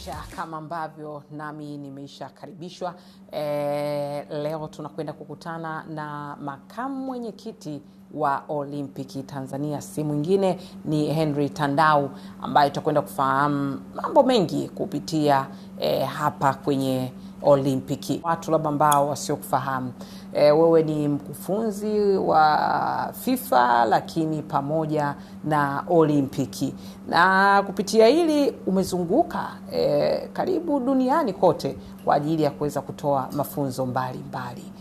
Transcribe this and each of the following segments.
maisha kama ambavyo nami nimeishakaribishwa. E, eh, leo tunakwenda kukutana na makamu mwenyekiti wa Olimpiki Tanzania, si mwingine ni Henry Tandau ambaye tutakwenda kufahamu mambo mengi kupitia e, hapa kwenye Olimpiki. Watu labda ambao wasiokufahamu e, wewe ni mkufunzi wa FIFA lakini pamoja na Olimpiki, na kupitia hili umezunguka e, karibu duniani kote kwa ajili ya kuweza kutoa mafunzo mbalimbali mbali.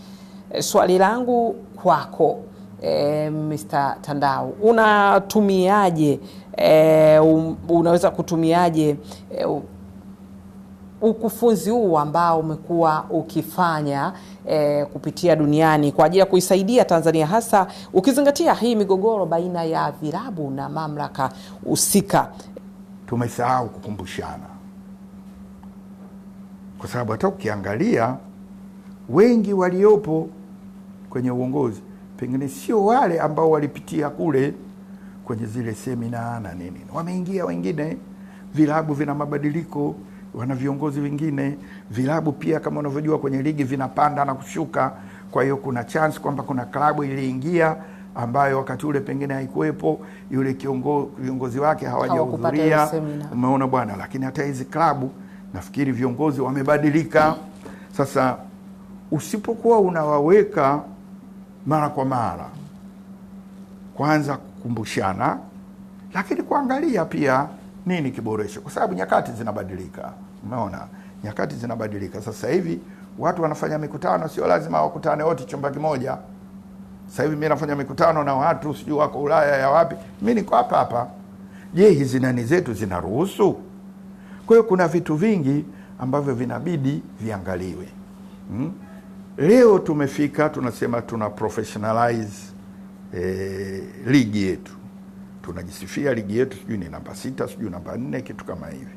Eh, e, swali langu kwako e, Mr. Tandau unatumiaje e, um, unaweza kutumiaje e, ukufunzi huu ambao umekuwa ukifanya e, kupitia duniani kwa ajili ya kuisaidia Tanzania, hasa ukizingatia hii migogoro baina ya vilabu na mamlaka husika. Tumesahau kukumbushana, kwa sababu hata ukiangalia wengi waliopo kwenye uongozi pengine sio wale ambao walipitia kule kwenye zile semina na nini, wameingia wengine. Vilabu vina mabadiliko wana viongozi wengine. Vilabu pia kama unavyojua kwenye ligi vinapanda na kushuka, kwa hiyo kuna chance kwamba kuna klabu iliingia ambayo wakati ule pengine haikuwepo, yule kiongo, viongozi wake hawajahudhuria. Umeona bwana, lakini hata hizi klabu nafikiri viongozi wamebadilika. Sasa usipokuwa unawaweka mara kwa mara, kwanza kukumbushana, lakini kuangalia pia nini kiboresho, kwa sababu nyakati zinabadilika. Umeona, nyakati zinabadilika. Sasa hivi watu wanafanya mikutano, sio lazima wakutane wote chumba kimoja. Sasa hivi mimi nafanya mikutano na watu sijui wako Ulaya ya wapi, mimi niko hapa hapa. Je, hizi nani zetu zinaruhusu? Kwa hiyo kuna vitu vingi ambavyo vinabidi viangaliwe hmm? Leo tumefika tunasema tuna professionalize eh, ligi yetu tunajisifia ligi yetu sijui ni namba sita sijui namba nne kitu kama hivi,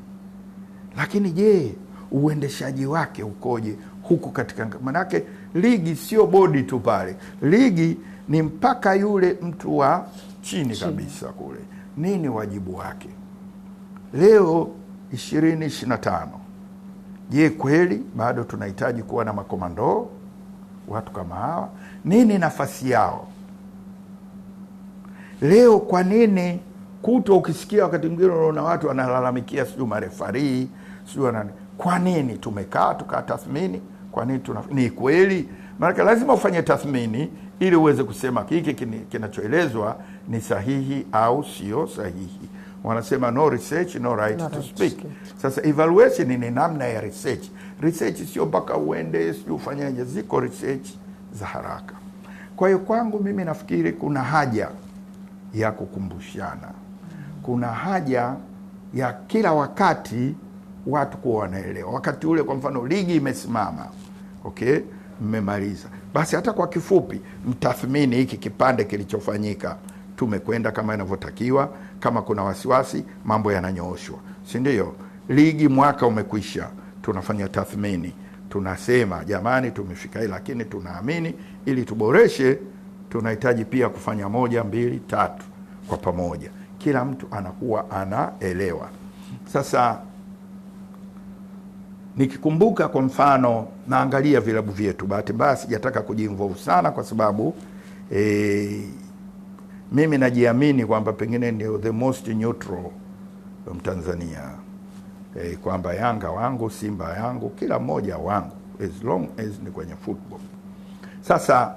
lakini je, uendeshaji wake ukoje huku katika? Manake ligi sio bodi tu pale, ligi ni mpaka yule mtu wa chini kabisa kule. Nini wajibu wake? Leo ishirini ishirini na tano, je, kweli bado tunahitaji kuwa na makomandoo watu kama hawa? Nini nafasi yao? Leo kwa nini kutwa ukisikia wakati mwingine unaona watu wanalalamikia sijui marefarii sijui wanani, kwa nini? Tumekaa tukatathmini, kwa nini tuna, ni kweli? Maanake lazima ufanye tathmini ili uweze kusema hiki kinachoelezwa ni sahihi au sio sahihi. Wanasema no research, no right no to right speak. Sasa evaluation ni namna ya research. Research sio mpaka uende sijui ufanyaje, ziko research za haraka. Kwa hiyo kwangu mimi nafikiri kuna haja ya kukumbushana. Kuna haja ya kila wakati watu kuwa wanaelewa. Wakati ule kwa mfano ligi imesimama, okay, mmemaliza basi, hata kwa kifupi mtathmini hiki kipande kilichofanyika, tumekwenda kama inavyotakiwa. Kama kuna wasiwasi, mambo yananyooshwa, si ndio? Ligi mwaka umekwisha, tunafanya tathmini, tunasema jamani, tumefika hii, lakini tunaamini ili tuboreshe tunahitaji pia kufanya moja, mbili, tatu kwa pamoja, kila mtu anakuwa anaelewa. Sasa nikikumbuka kwa mfano, naangalia vilabu vyetu. Bahati mbaya sijataka kujiinvolve sana, kwa sababu e, mimi najiamini kwamba pengine ni the most neutral Mtanzania e, kwamba Yanga wangu, Simba yangu, kila mmoja wangu as long as ni kwenye football. Sasa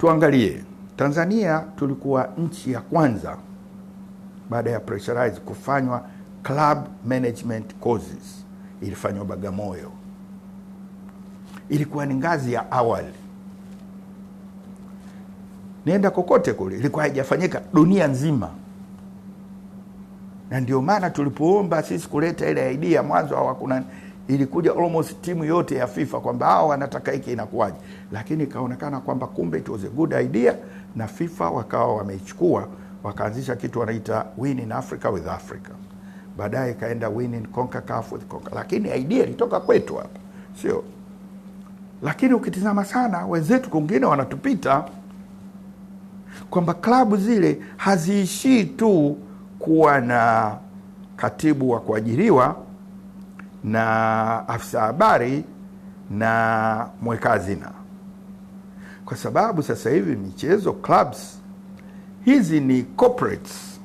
Tuangalie, Tanzania tulikuwa nchi ya kwanza baada ya pressurize kufanywa club management courses, ilifanywa Bagamoyo. Ilikuwa ni ngazi ya awali, nenda kokote kule ilikuwa haijafanyika dunia nzima, na ndio maana tulipoomba sisi kuleta ile idea mwanzo hawakuna ilikuja almost timu yote ya FIFA kwamba hao wanataka hiki inakuwaje, lakini ikaonekana kwamba kumbe it was a good idea, na FIFA wakawa wameichukua wakaanzisha kitu wanaita win in Africa with Africa, baadaye ikaenda win in CONCACAF with CONCACAF, lakini idea ilitoka kwetu hapa, sio lakini ukitizama sana wenzetu kwingine wanatupita kwamba klabu zile haziishii tu kuwa na katibu wa kuajiriwa na afisa habari na mweka hazina, kwa sababu sasa hivi michezo clubs hizi ni corporates,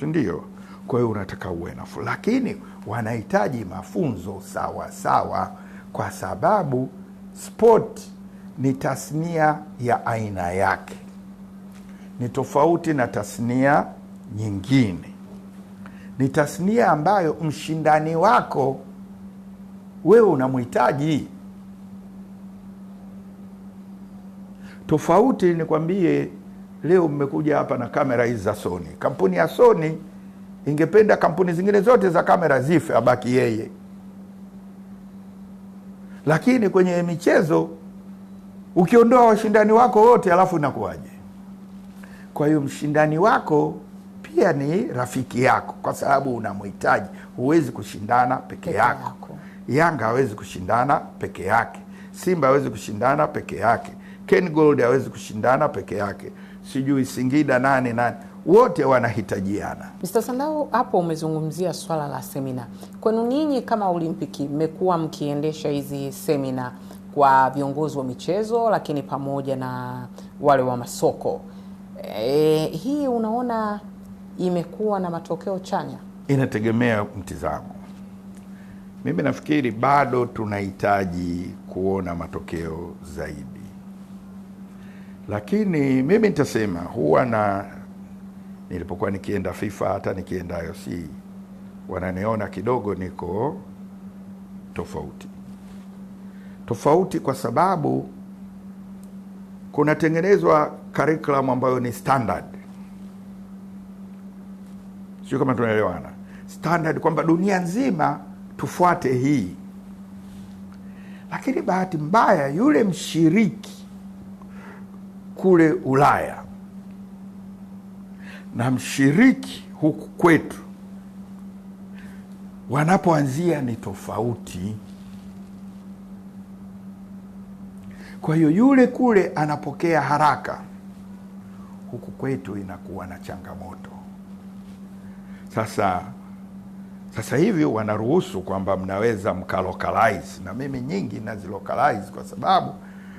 si ndio? Kwa hiyo unataka uwe nafuu, lakini wanahitaji mafunzo sawa sawa, kwa sababu sport ni tasnia ya aina yake, ni tofauti na tasnia nyingine ni tasnia ambayo mshindani wako wewe unamhitaji. Tofauti nikwambie, leo mmekuja hapa na kamera hizi za Sony. Kampuni ya Sony ingependa kampuni zingine zote za kamera zife, abaki yeye, lakini kwenye michezo ukiondoa washindani wako wote, alafu inakuwaje? Kwa hiyo mshindani wako pia ni rafiki yako, kwa sababu unamhitaji. Huwezi kushindana peke, yako. Yanga hawezi kushindana peke yake, Simba hawezi kushindana peke yake, Ken Gold hawezi kushindana peke yake, sijui Singida nani nani wote wanahitajiana. Mr. Sandau, hapo umezungumzia swala la semina. Kwenu ninyi kama Olimpiki, mmekuwa mkiendesha hizi semina kwa viongozi wa michezo, lakini pamoja na wale wa masoko. E, hii unaona imekuwa na matokeo chanya? Inategemea mtizamo. Mimi nafikiri bado tunahitaji kuona matokeo zaidi, lakini mimi nitasema huwa na nilipokuwa nikienda FIFA hata nikienda IOC wananiona kidogo niko tofauti tofauti, kwa sababu kunatengenezwa curriculum ambayo ni standard sio kama tunaelewana, standard kwamba dunia nzima tufuate hii. Lakini bahati mbaya yule mshiriki kule Ulaya na mshiriki huku kwetu wanapoanzia ni tofauti. Kwa hiyo yule kule anapokea haraka, huku kwetu inakuwa na changamoto. Sasa sasa hivi wanaruhusu kwamba mnaweza mkalocalize, na mimi nyingi nazilocalize kwa sababu,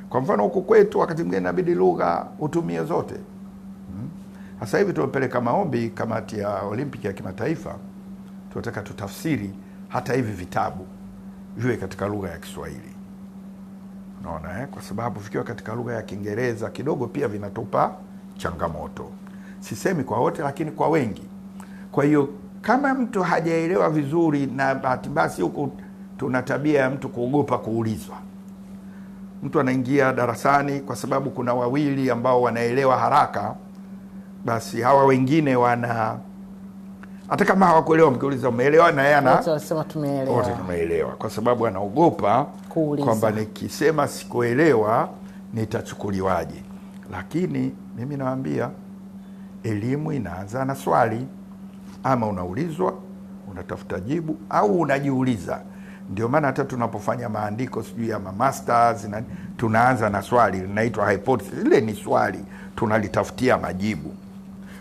kwa mfano huku kwetu wakati mwingine inabidi lugha utumie zote. Hmm? Sasa hivi tumepeleka maombi kamati ya Olimpiki ya kimataifa, tunataka tutafsiri hata hivi vitabu viwe katika lugha ya Kiswahili. Unaona eh? Kwa sababu vikiwa katika lugha ya Kiingereza kidogo pia vinatupa changamoto. Sisemi kwa wote, lakini kwa wengi kwa hiyo kama mtu hajaelewa vizuri, na bahati mbaya huku tuna tabia ya mtu kuogopa kuulizwa. Mtu anaingia darasani kwa sababu kuna wawili ambao wanaelewa haraka, basi hawa wengine wana hata kama hawakuelewa, mkiuliza umeelewa, na yeye anasema tumeelewa, wote tumeelewa, kwa sababu anaogopa kwamba nikisema sikuelewa nitachukuliwaje. Lakini mimi nawaambia elimu inaanza na swali ama unaulizwa unatafuta jibu au unajiuliza. Ndio maana hata tunapofanya maandiko sijui ya masters na, tunaanza na swali linaitwa hypothesis. Ile ni swali tunalitafutia majibu.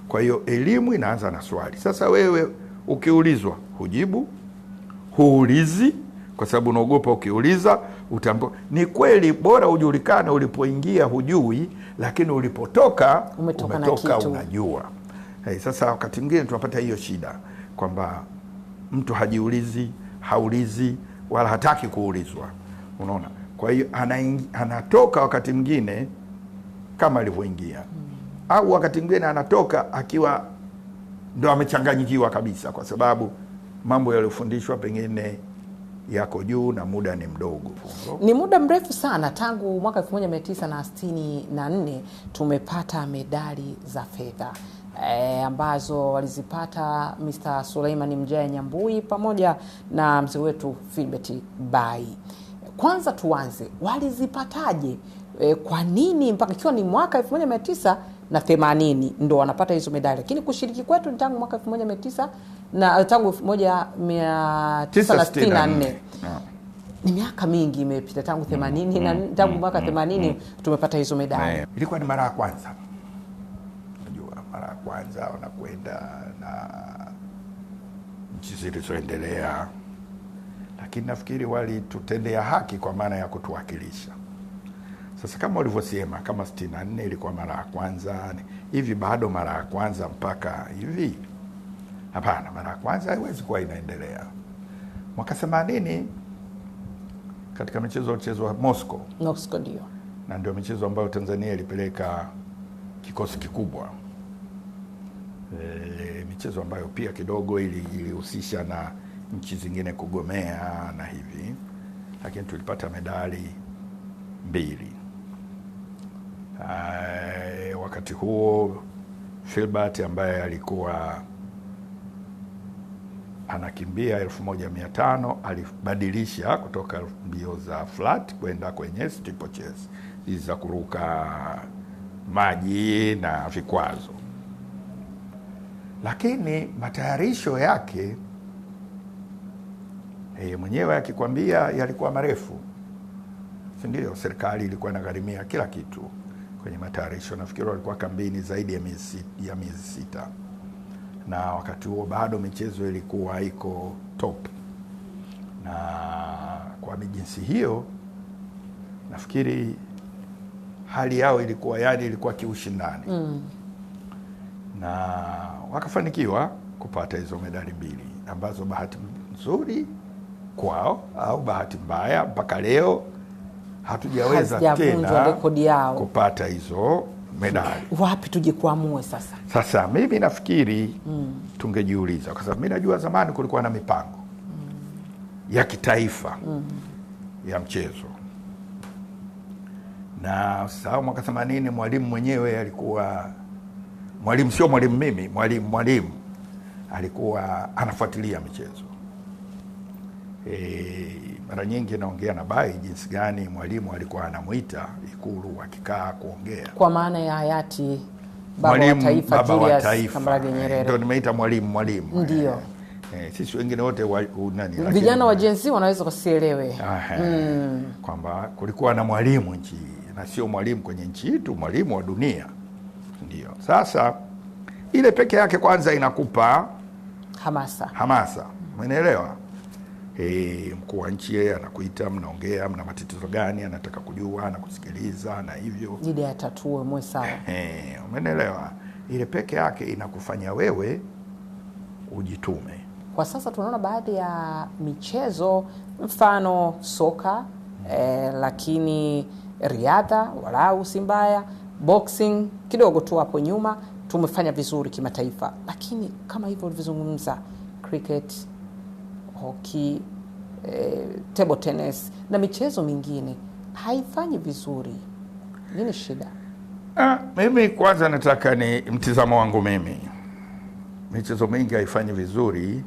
Kwa hiyo elimu inaanza na swali. Sasa wewe ukiulizwa hujibu, huulizi kwa sababu unaogopa, ukiuliza utambua. Ni kweli, bora ujulikane ulipoingia hujui, lakini ulipotoka umetoka, umetoka unajua. Hey, eh, sasa wakati mwingine tunapata hiyo shida kwamba mtu hajiulizi, haulizi wala hataki kuulizwa, unaona. Kwa hiyo anatoka wakati mwingine kama alivyoingia hmm. au wakati mwingine anatoka akiwa ndo amechanganyikiwa kabisa, kwa sababu mambo yaliyofundishwa pengine yako juu na muda ni mdogo. Ni muda mrefu sana tangu mwaka 1964 tumepata medali za fedha e, ambazo walizipata Mr. Suleiman Mjaya Nyambui pamoja na mzee wetu Filbert bai Kwanza tuanze walizipataje? E, kwa nini mpaka ikiwa ni mwaka elfu moja mia tisa na themanini ndo wanapata hizo medali, lakini kushiriki kwetu ni tangu mwaka elfu moja mia tisa na eh, tangu elfu moja mia tisa na sitini na nne ni miaka mingi imepita tangu mm. themanini na mm. tangu mm. mwaka themanini tumepata hizo medali. Ilikuwa ni mara ya kwanza mara ya kwanza wanakwenda na nchi zilizoendelea, lakini nafikiri walitutendea haki kwa maana ya kutuwakilisha. Sasa kama ulivyosema, kama 64 ilikuwa mara ya kwanza hivi, bado mara ya kwanza mpaka hivi? Hapana, mara ya kwanza haiwezi kuwa inaendelea. Mwaka 80 katika michezo yalichezwa Moscow, Moscow ndio na ndio michezo ambayo Tanzania ilipeleka kikosi kikubwa e, michezo ambayo pia kidogo ilihusisha ili na nchi zingine kugomea na hivi, lakini tulipata medali mbili. Eh, wakati huo Filbert ambaye alikuwa anakimbia elfu moja mia tano alibadilisha kutoka mbio za flat kwenda kwenye steeplechase hizi za kuruka maji na vikwazo lakini matayarisho yake yeye mwenyewe akikwambia yalikuwa marefu, si ndio? Serikali ilikuwa inagharimia kila kitu kwenye matayarisho. Nafikiri walikuwa kambini zaidi ya miezi ya miezi sita, na wakati huo bado michezo ilikuwa iko top, na kwa jinsi hiyo nafikiri hali yao ilikuwa yani, ilikuwa kiushindani mm na wakafanikiwa kupata hizo medali mbili ambazo bahati nzuri kwao au bahati mbaya mpaka leo hatujaweza tena yao kupata hizo medali. Wapi tuje sasa? Sasa mimi nafikiri mm. tungejiuliza kwa sababu mi najua zamani kulikuwa na mipango mm. ya kitaifa mm. ya mchezo na sawa, mwaka 80 mwalimu mwenyewe alikuwa mwalimu, sio mwalimu mimi, mwalimu mwalimu alikuwa anafuatilia michezo e, mara nyingi naongea na Bai jinsi gani mwalimu alikuwa anamwita Ikulu akikaa kuongea, kwa maana ya hayati baba wa taifa Kambarage Nyerere, ndio nimeita mwalimu mwalimu, ndio e, e, sisi wengine wote vijana wa Gen wanaweza wasielewe mm, kwamba kulikuwa na mwalimu nchi na sio mwalimu kwenye nchi yetu, mwalimu wa dunia. Ndio. Sasa ile peke yake kwanza inakupa hamasa, hamasa, umeelewa? E, mkuu wa nchi yeye anakuita, mnaongea, mna matatizo gani, anataka kujua, anakusikiliza na hivyo ili atatue mwe sawa. E, umeelewa? Ile peke yake inakufanya wewe ujitume. Kwa sasa tunaona baadhi ya michezo mfano soka, mm -hmm. eh, lakini riadha walau si mbaya boxing kidogo tu hapo nyuma tumefanya vizuri kimataifa, lakini kama hivyo ulivyozungumza, cricket, hockey, e, table tennis na michezo mingine haifanyi vizuri. Nini shida? Ah, mimi kwanza nataka ni mtizamo wangu mimi, michezo mingi haifanyi vizuri mm.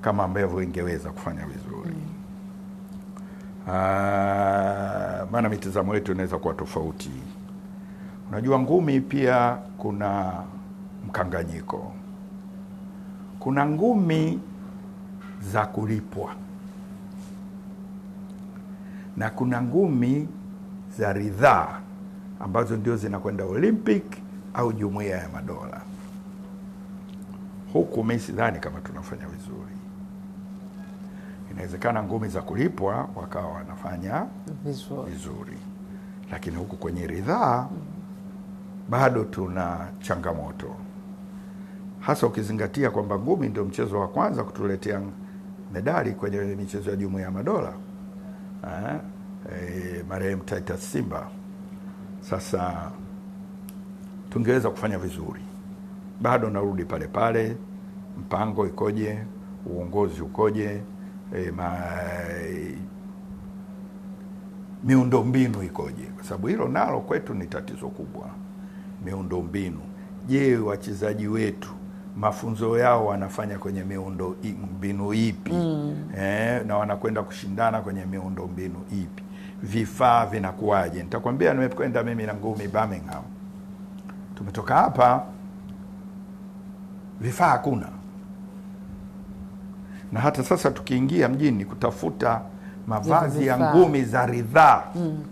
kama ambavyo ingeweza kufanya vizuri mm. Ah, maana mitizamo yetu inaweza kuwa tofauti Unajua ngumi pia kuna mkanganyiko. Kuna ngumi za kulipwa na kuna ngumi za ridhaa ambazo ndio zinakwenda Olympic au Jumuiya ya Madola. Huku mi sidhani kama tunafanya vizuri. Inawezekana ngumi za kulipwa wakawa wanafanya vizuri, vizuri. Lakini huku kwenye ridhaa mm bado tuna changamoto, hasa ukizingatia kwamba ngumi ndio mchezo wa kwanza kutuletea medali kwenye michezo ya Jumuiya ya Madola e, marehemu Titus Simba. Sasa tungeweza kufanya vizuri, bado narudi pale pale, mpango ikoje, uongozi ukoje, e, ma, miundombinu ikoje? Kwa sababu hilo nalo kwetu ni tatizo kubwa miundombinu. Je, wachezaji wetu mafunzo yao wanafanya kwenye miundo mbinu ipi? mm. Eh, na wanakwenda kushindana kwenye miundo mbinu ipi? Vifaa vinakuwaje? Nitakwambia, nimekwenda mimi na ngumi Birmingham, tumetoka hapa, vifaa hakuna, na hata sasa tukiingia mjini kutafuta mavazi ya ngumi za ridhaa mm.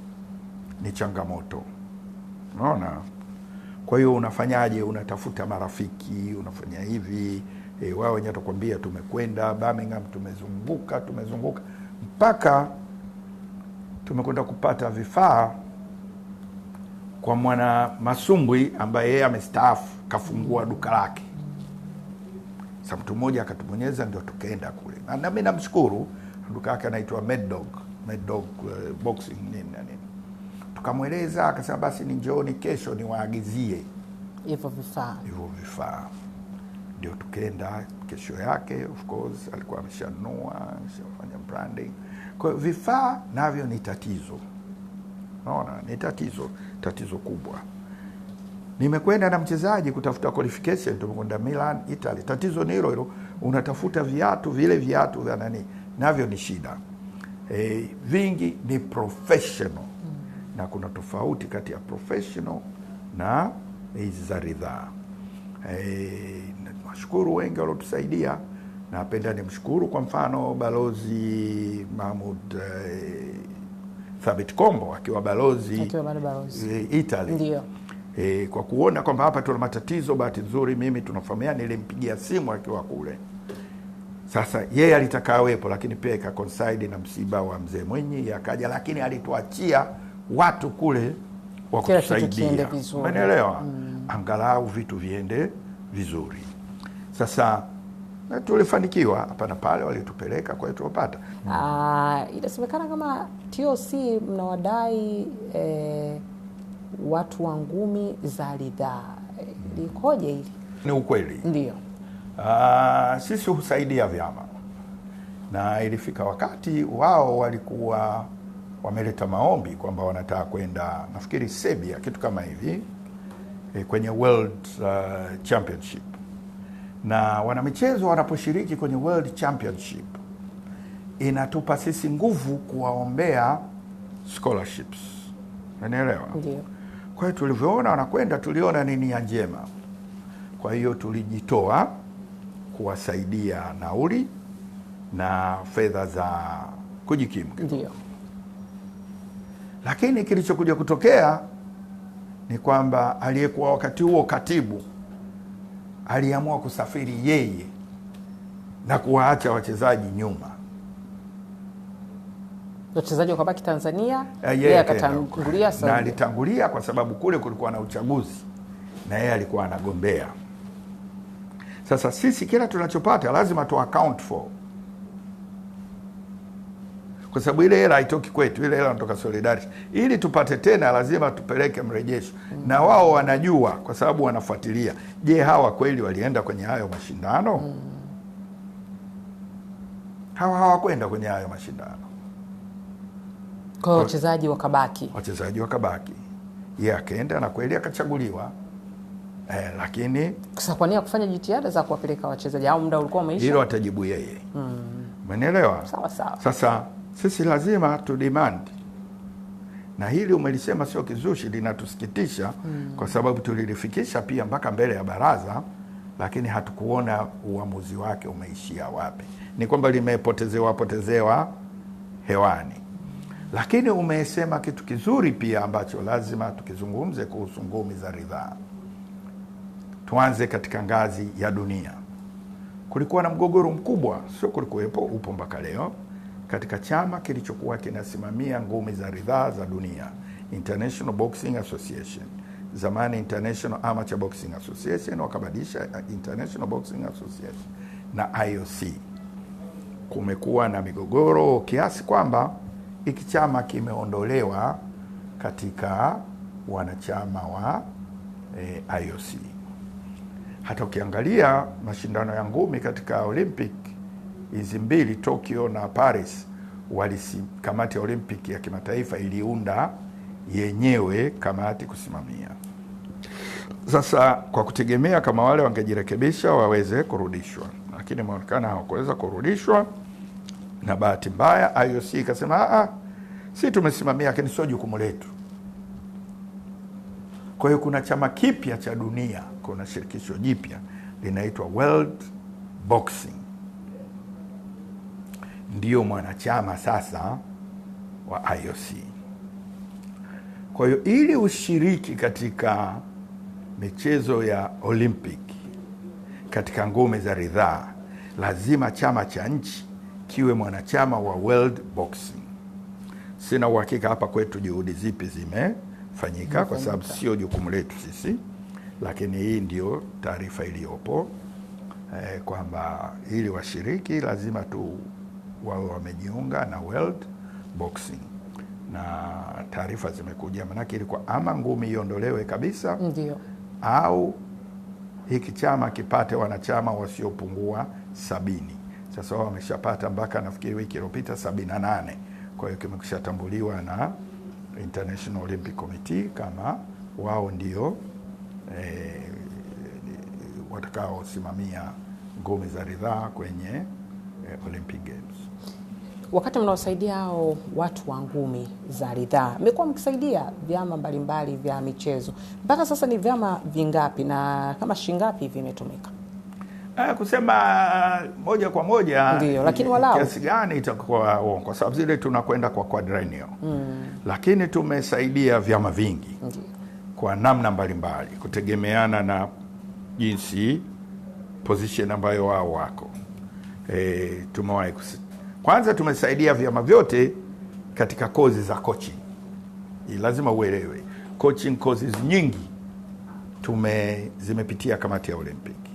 ni changamoto, unaona. Kwa hiyo unafanyaje? Unatafuta marafiki, unafanya hivi e, wao wenyewe watakwambia tumekwenda Birmingham, tumezunguka tumezunguka mpaka tumekwenda kupata vifaa kwa mwana masumbwi ambaye yeye amestaafu kafungua duka lake. Sa mtu mmoja akatubonyeza, ndio tukaenda kule, na namshukuru duka yake anaitwa Mad Dog, Mad Dog uh, eh, boxing nini na nini akamweleza akasema, basi ni njooni kesho niwaagizie hivyo vifaa hivyo vifaa. Ndio tukenda kesho yake, of course alikuwa ameshanua ameshafanya branding. Kwa hiyo vifaa navyo ni tatizo, naona ni tatizo, tatizo kubwa. Nimekwenda na mchezaji kutafuta qualification, tumekwenda Milan, Italy. Tatizo ni hilo hilo, unatafuta viatu vile, viatu vya nani, navyo ni shida. E, vingi ni professional na kuna tofauti kati ya professional na hizi za ridhaa. E, wengi waliotusaidia. Napenda nimshukuru kwa mfano Balozi Mahmud e, Thabit Kombo akiwa balozi, balozi. E, Italy ndio. E, kwa kuona kwamba hapa tuna matatizo, bahati nzuri mimi tunafahamia, nilimpigia simu akiwa kule. Sasa yeye alitaka awepo, lakini pia ikakonsaidi na msiba wa mzee Mwinyi akaja, lakini alituachia watu kule wa kutusaidia, umeelewa? mm. angalau vitu viende vizuri. Sasa na tulifanikiwa hapa na pale, walitupeleka kwa hiyo mm. Uh, inasemekana kama TOC mnawadai eh, watu wa ngumi za ridhaa, eh, likoje hili? Ni ukweli, ndio. Uh, ah, sisi husaidia vyama na ilifika wakati wao walikuwa wameleta maombi kwamba wanataka kwenda nafikiri Serbia kitu kama hivi e, kwenye World uh, Championship. Na wanamichezo wanaposhiriki kwenye World Championship inatupa sisi nguvu kuwaombea scholarships, unaelewa? Kwa hiyo tulivyoona wanakwenda, tuliona ni nia njema, kwa hiyo tulijitoa kuwasaidia nauli na fedha za kujikimu. Ndio. Lakini kilichokuja kutokea ni kwamba aliyekuwa wakati huo katibu aliamua kusafiri yeye na kuwaacha wachezaji nyuma, wachezaji wakabaki Tanzania, eh, yeye akatangulia sana, na alitangulia kwa sababu kule kulikuwa na uchaguzi na yeye alikuwa anagombea. Sasa sisi kila tunachopata lazima tu account for kwa sababu ile hela haitoki kwetu, ile hela inatoka Solidarity. Ili tupate tena, lazima tupeleke mrejesho mm. na wao wanajua, kwa sababu wanafuatilia. Je, hawa kweli walienda kwenye hayo mashindano mm. hawa hawakwenda kwenye hayo mashindano, kwa wachezaji wakabaki, wachezaji wakabaki, yeye yeah, akaenda na kweli akachaguliwa. Eh, lakini sasa kwa nini kufanya jitihada za kuwapeleka wachezaji au muda ulikuwa umeisha? Hilo atajibu yeye Mmenielewa? Hmm. Sawa sawa. Sasa sisi lazima tu demand na hili umelisema sio kizushi, linatusikitisha mm. kwa sababu tulilifikisha pia mpaka mbele ya baraza, lakini hatukuona uamuzi wake umeishia wapi. Ni kwamba limepotezewa potezewa hewani, lakini umesema kitu kizuri pia ambacho lazima tukizungumze kuhusu ngumi za ridhaa. Tuanze katika ngazi ya dunia. Kulikuwa na mgogoro mkubwa, sio kulikuwepo, upo mpaka leo katika chama kilichokuwa kinasimamia ngumi za ridhaa za dunia, International Boxing Association, zamani International Amateur Boxing Association, wakabadilisha eh, International Boxing Association na IOC. Kumekuwa na migogoro kiasi kwamba hiki chama kimeondolewa katika wanachama wa e, eh, IOC. Hata ukiangalia mashindano ya ngumi katika Olympic hizi mbili Tokyo na Paris walisi, kamati ya Olympic ya kimataifa iliunda yenyewe kamati kusimamia. Sasa kwa kutegemea kama wale wangejirekebisha waweze kurudishwa, lakini imeonekana hawakuweza kurudishwa, na bahati mbaya IOC ikasema ah, ah, si tumesimamia, lakini sio jukumu letu. Kwa hiyo kuna chama kipya cha dunia, kuna shirikisho jipya linaitwa World Boxing ndiyo mwanachama sasa wa IOC. Kwa hiyo ili ushiriki katika michezo ya Olympic katika ngome za ridhaa, lazima chama cha nchi kiwe mwanachama wa World Boxing. Sina uhakika hapa kwetu juhudi zipi zimefanyika, kwa sababu sio jukumu letu sisi, lakini hii ndio taarifa iliyopo eh, kwamba ili washiriki lazima tu wao wamejiunga na World Boxing na taarifa zimekuja, manake ilikuwa ama ngumi iondolewe kabisa, ndio au hiki chama kipate wanachama wasiopungua sabini. Sasa wao wameshapata mpaka nafikiri wiki iliyopita sabini na nane. Kwa hiyo kimekushatambuliwa na International Olympic Committee kama wao ndio eh, watakaosimamia ngumi za ridhaa kwenye Eh, Olympic Games. Wakati mnaosaidia hao watu wa ngumi za ridhaa, mmekuwa mkisaidia vyama mbalimbali vya michezo, mpaka sasa ni vyama vingapi na kama shingapi vimetumika? Ah, kusema ah, moja kwa moja ndio, lakini walau kiasi gani itakuwa kwa sababu zile tunakwenda kwa quadrennial mm. Lakini tumesaidia vyama vingi ndio, kwa namna mbalimbali kutegemeana na jinsi position ambayo wao wako e, tumewahi kwanza, tumesaidia vyama vyote katika kozi za coaching. Lazima uelewe coaching courses nyingi tume zimepitia kamati ya Olimpiki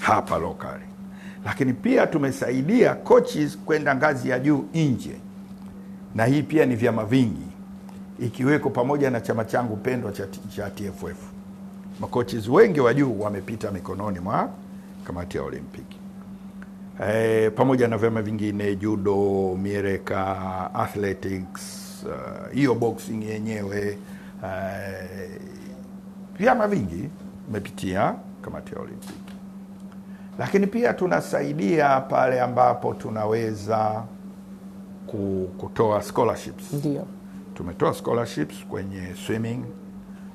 hapa lokali, lakini pia tumesaidia coaches kwenda ngazi ya juu nje, na hii pia ni vyama vingi ikiweko pamoja na chama changu pendwa cha TFF. Makoches wengi wa juu wamepita mikononi mwa kamati ya Olimpiki eh, pamoja na vyama vingine judo, miereka athletics eh, hiyo uh, boxing yenyewe uh, vyama vingi mepitia kamati ya Olimpiki, lakini pia tunasaidia pale ambapo tunaweza kutoa scholarships. Ndio tumetoa scholarships kwenye swimming,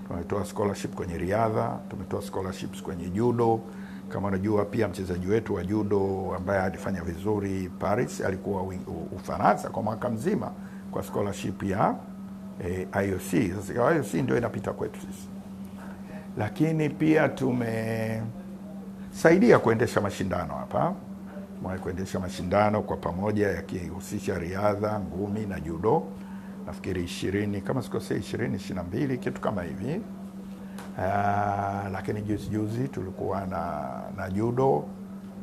tumetoa scholarship kwenye riadha, tumetoa scholarships kwenye judo kama unajua pia mchezaji wetu wa judo ambaye alifanya vizuri Paris alikuwa Ufaransa kwa mwaka mzima kwa scholarship ya e, eh, IOC. Sasa IOC ndio inapita kwetu sisi, lakini pia tumesaidia kuendesha mashindano hapa tumewahi kuendesha mashindano kwa pamoja yakihusisha riadha, ngumi na judo, nafikiri ishirini kama sikosea, ishirini ishirini na mbili kitu kama hivi. Uh, lakini juzi juzi tulikuwa na, na judo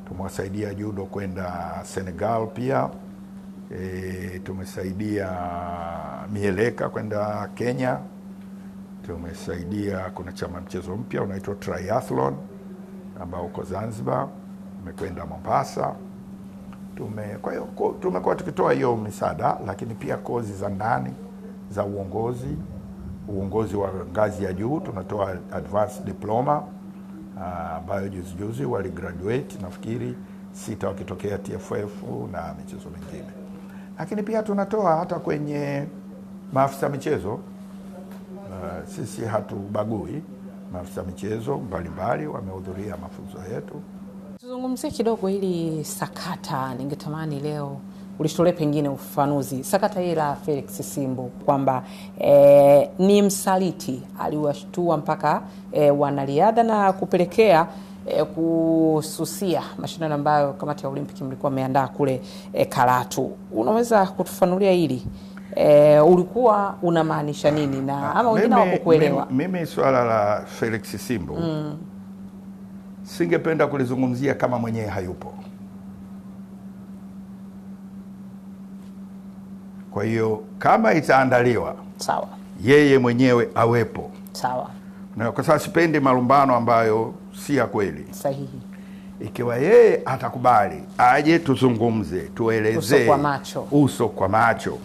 tumewasaidia judo kwenda Senegal pia e, tumesaidia mieleka kwenda Kenya, tumesaidia kuna chama mchezo mpya unaitwa triathlon ambao uko Zanzibar, umekwenda Mombasa tume, kwa hiyo tumekuwa tukitoa hiyo misaada, lakini pia kozi za ndani za uongozi uongozi wa ngazi ya juu, tunatoa advanced diploma ah, ambayo uh, juzi juzi wali graduate nafikiri sita wakitokea TFF na michezo mingine, lakini pia tunatoa hata kwenye maafisa michezo uh, sisi hatubagui maafisa michezo mbalimbali wamehudhuria mafunzo yetu. Tuzungumzie kidogo ili sakata, ningetamani leo ulitolee pengine ufafanuzi sakata hili la Felix Simbo kwamba e, ni msaliti, aliwashtua mpaka e, wanariadha na kupelekea E, kususia mashindano ambayo kamati ya Olimpiki mlikuwa ameandaa kule e, Karatu. Unaweza kutufanulia hili e, ulikuwa unamaanisha nini na ah, ama wengine hawakukuelewa? Mimi, swala la Felix Simbo mm, singependa kulizungumzia kama mwenyewe hayupo Kwa hiyo kama itaandaliwa sawa, yeye mwenyewe awepo sawa, na kwa sababu sipendi malumbano ambayo si ya kweli. Sahihi. Ikiwa yeye atakubali aje, tuzungumze, tuelezee uso kwa macho, uso kwa macho,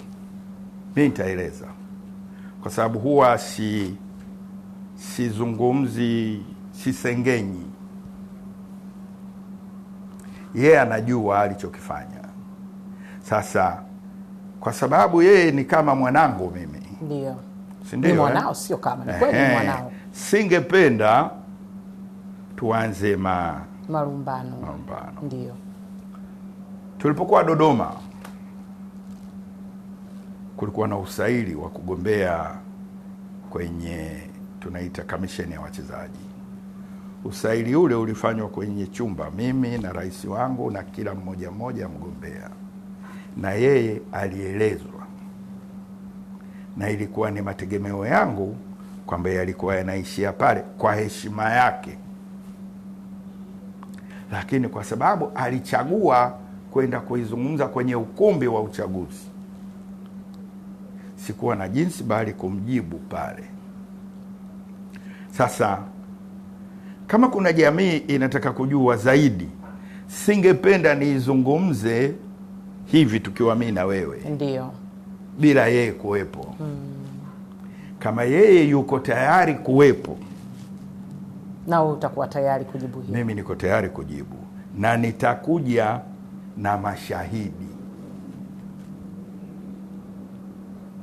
mi nitaeleza kwa sababu huwa si sizungumzi, sisengenyi. Yeye anajua alichokifanya sasa kwa sababu yeye ni kama mwanangu mimi. Ndio. Si Ni eh? mwanao, sio kama, ni kweli ni mwanao. Singependa tuanze ma marumbano. Marumbano. Ndio. Tulipokuwa Dodoma kulikuwa na usaili wa kugombea kwenye tunaita kamisheni ya wachezaji. Usaili ule ulifanywa kwenye chumba, mimi na rais wangu na kila mmoja mmoja mgombea na yeye alielezwa, na ilikuwa ni mategemeo yangu kwamba yalikuwa yanaishia pale kwa heshima yake, lakini kwa sababu alichagua kwenda kuizungumza kwenye ukumbi wa uchaguzi, sikuwa na jinsi bali kumjibu pale. Sasa kama kuna jamii inataka kujua zaidi, singependa niizungumze hivi tukiwa mimi na wewe, ndio bila yeye kuwepo mm. Kama yeye yuko tayari kuwepo, na wewe utakuwa tayari kujibu hiyo. Mimi niko tayari kujibu na nitakuja na mashahidi.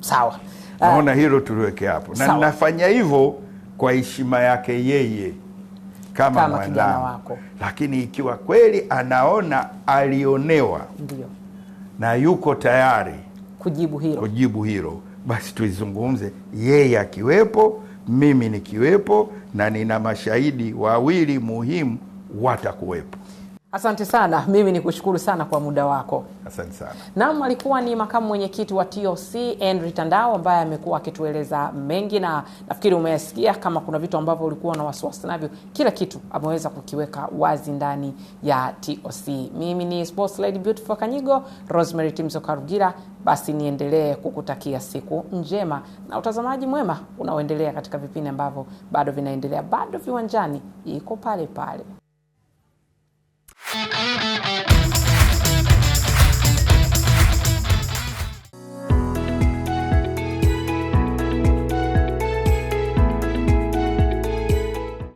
Sawa, naona uh, hilo tuliweke hapo, na ninafanya hivyo kwa heshima yake yeye kama, kama mwanangu, lakini ikiwa kweli anaona alionewa, ndio na yuko tayari kujibu hilo, kujibu hilo basi tuizungumze, yeye akiwepo, mimi nikiwepo, na nina mashahidi wawili muhimu watakuwepo. Asante sana, mimi ni kushukuru sana kwa muda wako. Asante sana. Naam, alikuwa ni makamu mwenyekiti wa TOC Henry Tandao ambaye amekuwa akitueleza mengi, na nafikiri umeyasikia. Kama kuna vitu ambavyo ulikuwa na wasiwasi navyo, kila kitu ameweza kukiweka wazi ndani ya TOC. Mimi ni Sports Lady Beautiful Kanyigo, Rosemary Timso Karugira. Basi niendelee kukutakia siku njema na utazamaji mwema unaoendelea katika vipindi ambavyo bado vinaendelea, bado Viwanjani iko pale pale. Thank you.